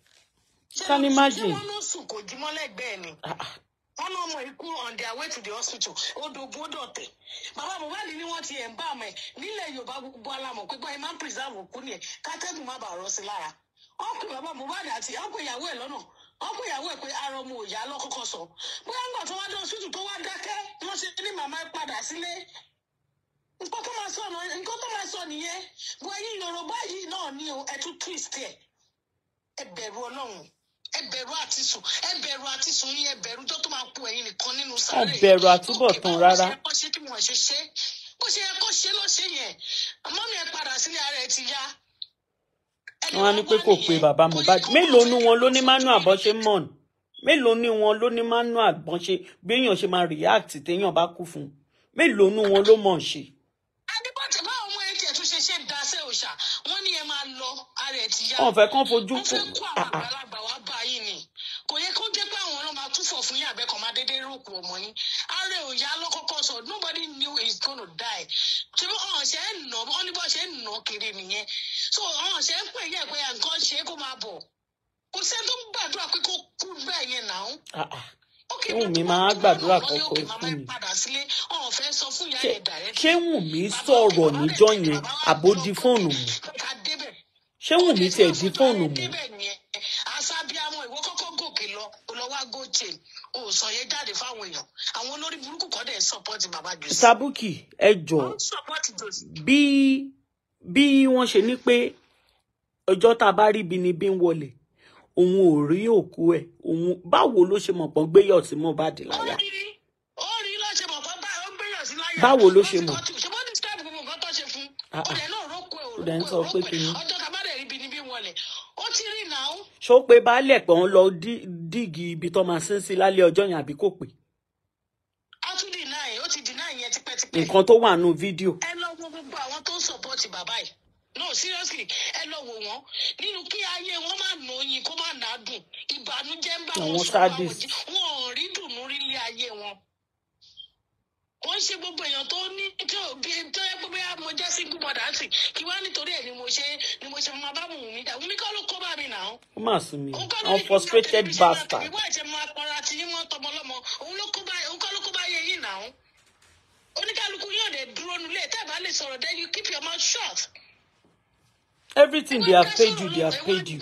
ṣé wọ́n ló sùn kò jí mọ́lẹ́gbẹ̀ẹ́ ni wọn náà mọ ikú on their way to the hospital odogun odòtẹ bàbá Mohbad ni wọn ti ẹ ń bá àmọ́ ẹ nílẹ̀ Yorùbá gbogbo alamọ pé báyìí máa ń preserve òkú ni ẹ kátẹ́gùn má bàa rọ sí lára ọkùnrin bàbá Mohbad àti ọkùnrin ìyàwó ẹ lọ́nà ọkọ ìyàwó ẹ pé ara ọmọ òyà lọkọkọ sọ bóyá ńgbà tó wá dé ọsibítù tó wá dákẹ́ wọn ṣe ní màmá padà sílé nǹkan tó máa sọ nìyẹn bó ẹ̀yin yorùbá yìí náà ni o ẹ tún twist ẹ ẹ bẹ̀rù Ọlọ́run ẹ bẹ̀rù àtisùn ẹ bẹ̀rù àtisùn yín ẹ bẹ̀rù tó tó máa po ẹ̀yin nìkan nínú sáré ẹ bẹ̀rù àtúbọ̀tán rárá bó ṣe yẹ kó ṣe ló ṣe yẹn mọ́mí ẹ padà sílé ara ẹ ti yá wọn á ní pé kò pe bàbá Mohbad mélòó nu wọn ló ní manual bó ṣe mọ̀ ní wọn ló ní manual bó bí èèyàn ṣe máa react téèyàn bá kú fún un mélòó nu wọn ló mọ̀ ṣe. adébọ̀tì báwo mú ẹtì ẹ̀tún ṣe ṣe da ṣé òòṣà wọn ní ẹ máa lọ ara ẹ ti yá. wọn fẹ́ kán fojú kú. wọn fẹ́ kó àwọn àgbàlagbà wá bá yìí ni kò yẹ kó jẹ́ pé àwọn ọ̀rọ̀ máa túfọ̀ fún yín àbẹ́kọ̀ máa so àwọn ṣe ń pè yẹ pé nǹkan ṣe kó máa bọ̀ kò sẹ́ni tó ń gbàdúrà pé kó kú bẹ́ẹ̀ yẹn náà. ṣé Wùmí máa gbàdúrà kọ́kọ́ fún mi? ṣé Wùmí sọ̀rọ̀ níjọ́ yẹn àbó di fóònù mú? ṣé Wùmí tiẹ̀ di fóònù mú? asábíàmọ ìwọ kọ́kọ́ gòkè lọ olọwà gòkè o sọ yẹn jáde fáwọn èèyàn àwọn olórí burúkú kọ́ dẹ̀ sọpọ́tì bàbá jù. Sabuki ẹ jọ bí bí wọ́n ṣe ní pé ọjọ́ tá a bá rí ibi ni bí ń wọlé òun ò rí òkú ẹ̀ òun báwo ló ṣe mọ̀ pọ́n gbéyọ̀ sí Mohbad láyà. ó rí ló ṣe mọ̀ pọ́n gbéyọ̀ báwo ló ṣe mọ̀. ṣe bó ah, ah. ń wọlé ó ti ṣó pé baálé pé òun lọ díìgì ibi tó máa sín sí lálẹ́ ọjọ́ yẹn àbí kò pé. nǹkan tó wà nù fídíò ti bàbá yìí no seriously ẹ lọ wò wọn nínú kí ayé wọn máa nà oyin kó máa nà á dùn ìbànújẹ́ ń bá wọn sọ àwọn òjì wọn ò rí dùnú rílé ayé wọn wọ́n ṣe gbogbo èèyàn tó ní tí ò bí tó yẹ gbogbo mo jẹ́ single mother sí kí wá nítorí ẹ̀ ni mo ṣe ni mo ṣe máa bá Wùnmí dà Wùnmí kọ́ ló kó bá mi náà. ó mà sí mi unfrustrated bastard. òun ló kó bá oníkálukú yóò dé dúró nulẹ̀ tẹ́ ẹ bá lè sọ̀rọ̀ then you keep your mouth shut. everything they have paid you they have paid you.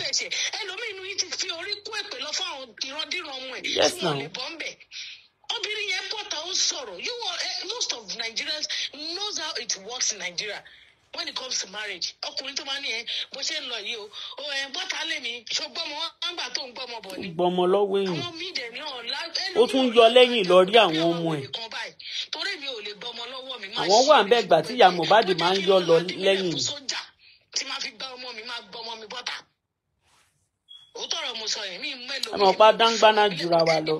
ẹlòmínú yìí ti fi orí kú èpè lọ fún àwọn ìrandíran ọmọ ẹ̀ tí wọ́n lè obìnrin yẹn pọ̀tà ó sọ̀rọ̀ you are eh, most of Nigerians knows how it works in Nigeria when it comes to marriage ọkùnrin tó máa ní ẹ eh, bó ṣe ń lọ yìí o ò ẹ lè mi ṣo gbọ́mọ wọn tó ń gbọ́mọ bọ̀ ni. gbọ́mọ lọ́wọ́ èèyàn ó tún yọ lẹ́yìn lọ rí àwọn ọmọ ẹ̀ àwọn wà ń bẹ́ẹ̀ gbà tí ìyá Mohbad máa ń yọ lọ lẹ́yìn. tí máa fi gba ọmọ mi máa gba ọmọ mi bọ́tà òótọ́ ọ̀rọ̀ mo sọ yẹn mí mú ẹlòmíì. ẹ mọ̀ pa dáńgbáná jura wa lọ.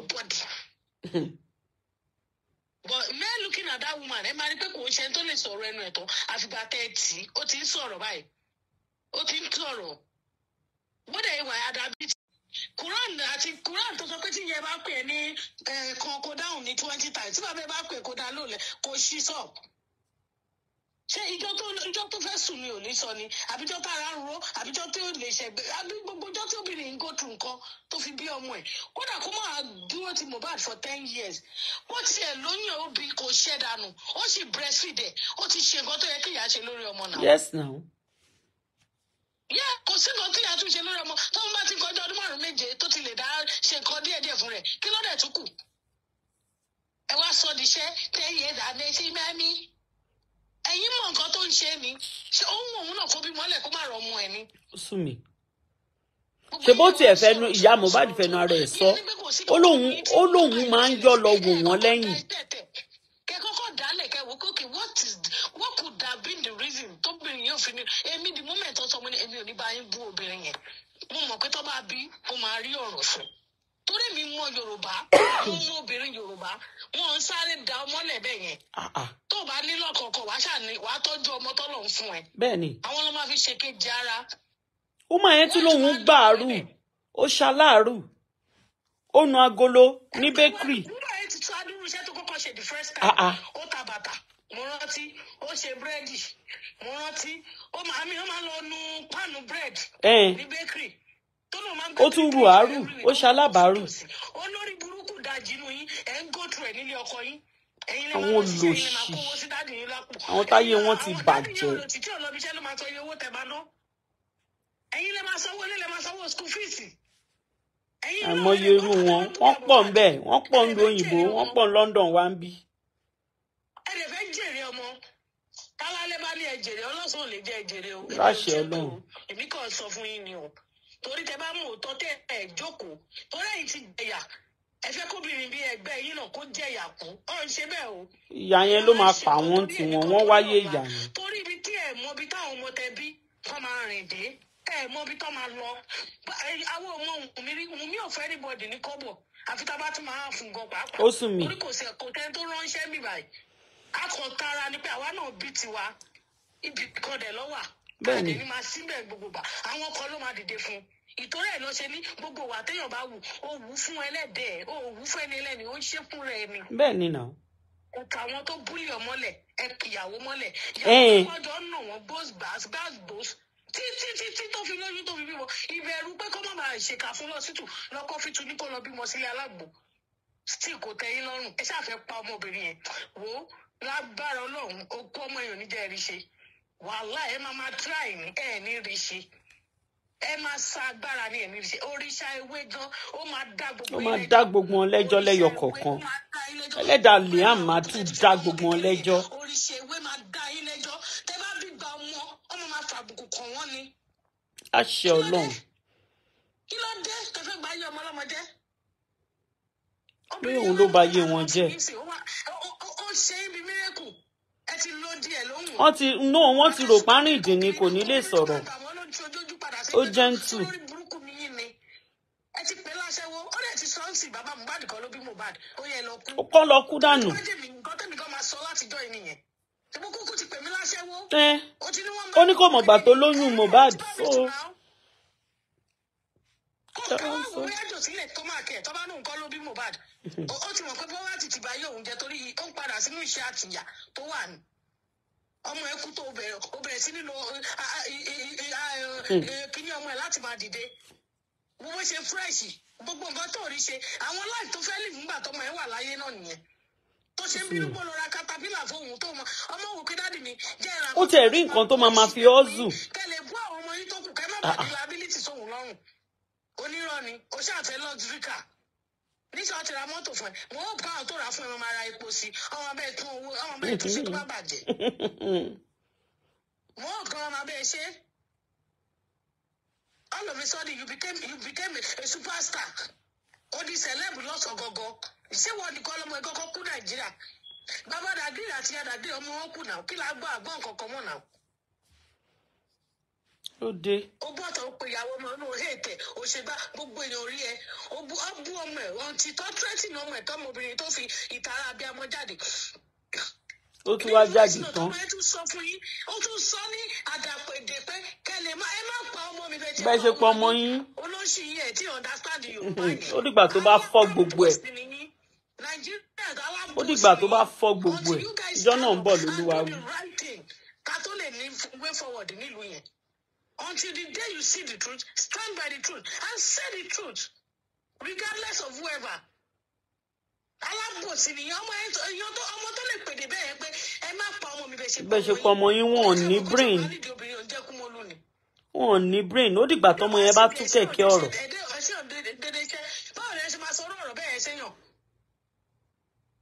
but men looking at that woman ẹ máa rí pé kò ń ṣe tó lè sọ̀rọ̀ ẹnu ẹ̀ tán àfìgbà tẹ́ ẹ tì í ó ti ń sọ̀rọ̀ báyìí ó ti ń sọ̀rọ̀ bọ́dẹ̀ ìwà àdàbí quran àti quran tó sọ pé tí ìyẹn bá pè ní kan kó dáhùn ní twenty times tí bàbá ẹ bá pè kó dá lóòlẹ kó ṣí sọ ṣé ìjọ tó fẹ́ sùn ni ò ní sọ ni àbíjọ tára ń ro àbíjọ tó lè ṣẹgbẹ́ gbogbo ọjọ́ tí obìnrin ń gòtù nǹkan tó fi bí ọmọ ẹ̀ kódà kó máa dúró ti Mohbad for ten years wọ́n ti lóyún òbí kò ṣẹ́ dànù ó sì breastfeed ẹ̀ ó ti ṣe nǹkan tó yẹ kí ìyá ṣe lórí ọmọ náà. yes now. yẹ kò sí nǹkan tí ìyá tún ṣe lórí ọmọ tó ń ti kọjá ọdún márùn méje tó ti lè dá ṣe nǹkan díẹ̀díẹ̀ ẹ̀yin mọ̀ nǹkan tó ń ṣe ni ṣé òun òun náà kó bí mọ́lẹ̀ kó má rọ ọmọ ẹ̀ ni. ó sú mi ṣe bó tiẹ̀ fẹnu ìyá Mohbad fẹnu ara ẹ̀ sọ ó lóun máa ń yọ lọ wò wọ́n lẹ́yìn. kẹ kọ́kọ́ dálẹ̀ kẹ wò kókè what is what could have been the reason tóbìnrin yóò fi ni èmi the moment ọsọ mi ni èmi ò ní bá yín bú obìnrin yẹn mo mọ̀ pé tó bá bí mo máa rí ọ̀rọ̀ fún un torí mi mọ yorùbá <coughs> mo mọ obìnrin yorùbá wọn ń sáré da ọmọlẹ bẹ́ẹ̀ yẹn tó o bá nílò kọ̀ọ̀kan wàá ṣàní wàá tọ́jú ọmọ tọlọ ń fún ẹ. bẹ́ẹ̀ni àwọn ló máa fi ṣe kejì ara. ó máa yẹn tún lòun gbàárù ó ṣaláàrù ó nu agolo ní bakery. nígbà yẹn ti tún adúrú iṣẹ́ tó kọ́kọ́ ṣe the first time ó ta bàtà mo rántí ó ṣe búrẹ́dì mo rántí ó máa mi lọ nu páànù búrẹ́dì eh. ní bakery ó tún ru àárù ó ṣalábàárù. olórí burúkú dajì inú yín ẹ ń gòtù ẹ nílé ọkọ yín àwọn olòṣì àwọn táyé wọn ti bàjẹ́. ẹ̀yin lè máa sanwó ilé lè máa sanwó school fees. àmọ́ yerú wọn wọ́n pọ̀ ń bẹ̀ wọ́n pọ̀ ń lo òyìnbó wọ́n pọ̀ ń London wá ń bí. ẹ lè fẹ́ jèrè ọmọ tálálẹ́ bá ní ẹ jèrè ọlọ́sàn ò lè jẹ́ ẹ jèrè o. láṣẹ Ọlọ́run èmi kàn sọ fún yín ni o torí tẹ bá mú òótọ́ tẹ ẹ jókòó torí ẹ̀yin ti jẹyà ẹ fẹ́ kóbìnrin bíi ẹgbẹ́ yín náà kó jẹyà kú ọ̀run ṣe bẹ́ẹ̀ o. ìyá yẹn ló máa fà wọ́n tiwọn wọ́n wáyé ìyá yẹn. torí ibi tí ẹ mọ ibi táwọn ọmọ tẹ bí wọ́n máa rìn dé ẹ mọ ibi tó máa lọ àwọn ọmọ mi mi ò fẹ́ anybody ní kọ́bọ̀ àfi tá a bá ti máa fún gan pàápàá ó sùn mí orí kò sí tó ránṣẹ́ mi báyìí a ni pé àwa náà bí tiwa ibì kan dẹ̀ lọ́wà bẹ́ẹ̀ni àdéhùn máa síbẹ̀ gbogbo gbà àwọn ọkọ ló máa dìde fún un ìtorí ẹ̀ ló ṣe ní gbogbo wa téèyàn bá wù ó wù fún ẹlẹ́dẹ̀ ó wù fún ẹni ẹlẹ́ni ó ń ṣépùn rẹ̀ ni. bẹ́ẹ̀ni nà. ọ̀tà àwọn tó búlì ọmọlẹ̀ ẹ kìyàwó mọ́lẹ̀ ìyàwó tó kọjọ́ nà wọ́n gbós gbàs gbàs gbós títí títí tó fi lóyún tó fi bímọ ìbẹ̀rù pé kó má máa ṣèkà fún lọ́sítù lọ́kọ́ fi tu ní kó lọ bímọ sílé alágbó tí kò tẹ́yìn lọ́rùn ẹ ṣáà fẹ́ pa ọmọbìnrin yẹn wò lágbára ọlọ́run ó kó ọmọ yòó níjẹ́ rí ṣe wàhálà ẹ máa máa tíráì ní ẹ ní rí ṣe ẹ máa sa agbára ní ẹ̀mí ṣe òrìṣà ewé gan ó máa dá gbogbo ó máa dá gbogbo wọn lẹ́jọ́ lẹ́yọ kọ̀ọ̀kan ẹlẹ́dàá liam máa tún dá gbogbo wọn lẹ́jọ́. òrìṣà ewé máa dá yín lẹ́jọ́ tẹ bá bí gba ọmọ ọmọ máa fàbùkù kàn wọ́n ni. àṣẹ Ọlọ́run. kí ló dé kẹfẹ gba ayé ọmọ ọlọmọdé. pé òun ló bà ayé wọn jẹ́. ó ṣe é bí mírẹ́kù ẹ wọ́n ti no wọ́n ti rò párín ìdì ni kò ní lè sọ̀rọ̀ ó jẹ́ ń tù. ó kọ́ lọ kú dànù. nǹkan ó ní kò mọ̀gbà tó lóyún Mohbad káwọn wo kájò sílẹ̀ tó máa kẹ̀ tọ́ bá lóun kọ́ ló bí Mohbad hmm. ó ti mọ̀ pé bó wá tìtì báyé òun jẹ torí ó ń padà sínú iṣẹ́ àtìyà tó wà ní ọmọ ẹ kú tó bẹ̀rẹ̀ sí nínú hmm. kíní ọmọ ẹ láti máa dìde gbogbo ṣe fresh gbogbo nǹkan tó rí ṣe àwọn láì tó fẹ́ lì nígbà tọmọ ẹ wà láyé náà nìyẹn tó ṣe ń bínú hmm. pọ̀ lọ́ra katapila fóun tó mọ ọmọ òwò kí dáàdì mi jẹ́ ìrànlọ́wọ́. ó tẹ̀ rí nǹkan tó máa ma fi ọ́ zù. kẹlẹ̀ bú àwọn ọmọ yín tó kù kẹ́ má bàa di ah, ah. sóhun lọ́rùn onírọ́ ni o ṣàfẹ́ lọ́dúríkà níṣẹ́ ọtí ra mọ́tò fún ẹ mo ó bá àwọn rà fún ẹ mo máa ra epo sí ọmọ bẹ́ẹ̀ tún owó ọmọ bẹ́ẹ̀ tún ṣe tó bá bàjẹ́ mo ó kọ́ ọmọ bẹ́ẹ̀ ṣe all of a sudden you became you became a superstar ó di celeb lọ́sọ̀ gọ́gọ́ ṣé wọ́n nìkan lọ́mọ ẹ kọ́kọ́ kú nàìjíríà bàbá dàgírì àti adàgírì ọmọ wọn kù náà kí làá gbọ́ àgbọ̀ nǹkan kan mọ́ náà ló dé. ó bọ́tọ̀ ó pe ìyàwó ọmọ inú ètè òṣèbá gbogbo èèyàn orí ẹ ó bú ọmọ ẹ wọn ti tọ́ tírẹ́tì ní ọmọ ẹ tọ́mọbìnrin tó fi ìtara abiyamọ jáde ó tún wá jáde tán. ó tún sọ ní àdàpèdè pé kẹlẹ má ẹ má pa ọmọ mi bẹ́ẹ̀ tí. bẹ́ẹ̀ ṣe pa ọmọ yín. olóṣì yìí ẹ̀ tí understand <laughs> yorùbá yìí. ó dìgbà ó dìgbà tó bá fọ́ gbogbo ẹ̀ ìjọ náà ń bọ̀ lóluwa wí. Until the day you see the truth, stand by the truth and say the truth, regardless of whoever. alábòsí nìyẹn ọmọ ẹyàn tó ọmọ tó lè pèdè bẹ́ẹ̀ yẹn pé ẹ má pa ọmọ mi bẹ́ẹ̀ ṣe. bẹ́ẹ̀ ṣe pa ọmọ yín wọn ò ní brain wọn ò ní brain ó dìgbà tọmọ yẹn bá tú kẹ̀kẹ́ ọ̀rọ̀. báwo ni ẹ ṣe máa sọ ọ̀rọ̀ bẹ́ẹ̀ ṣe yàn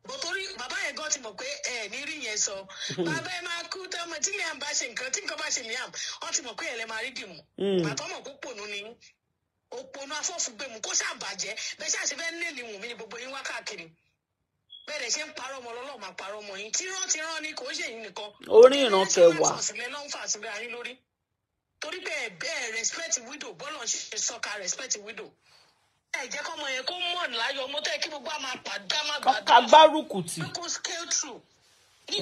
bọ̀ torí bàbá wọ́n ti mọ̀ pé ẹ ní rí yẹn sọ bàbá ẹ máa kú tọmọ tí liam bá ṣe nǹkan tí nǹkan bá ṣe liam wọ́n ti mọ̀ pé ẹ máa rí dìmú hmm. bàbá mọ̀ pé pònú ni òpònú afọ́fúgbèmù kó ṣàbàjẹ́ bẹ́ẹ̀ ṣáà ṣe fẹ́ nílì wù mí ni gbogbo yín wá káàkiri bẹ́ẹ̀ ṣe ń parọ́ ọmọ ọlọ́run máa parọ́ ọmọ yín tírán tírán ni kò ṣe yín nìkan. orí ìran kẹwàá. torí bẹ́ẹ̀ bẹ́ẹ̀ respect widow bọ́lọ̀ ṣe sọ́ka respect widow ẹ jẹ́ kọ́mọ yẹn kó mọ̀ láyọ̀ ọmọ tẹ́ kí gbogbo àmà pàdá gbárùkù tì.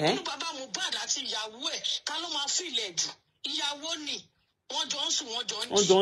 nínú bàbá Mohbad àti ìyàwó ẹ̀ ká ló máa fìlẹ̀ jù ìyàwó ni wọ́n jọ ń sùn wọ́n jọ ń jí.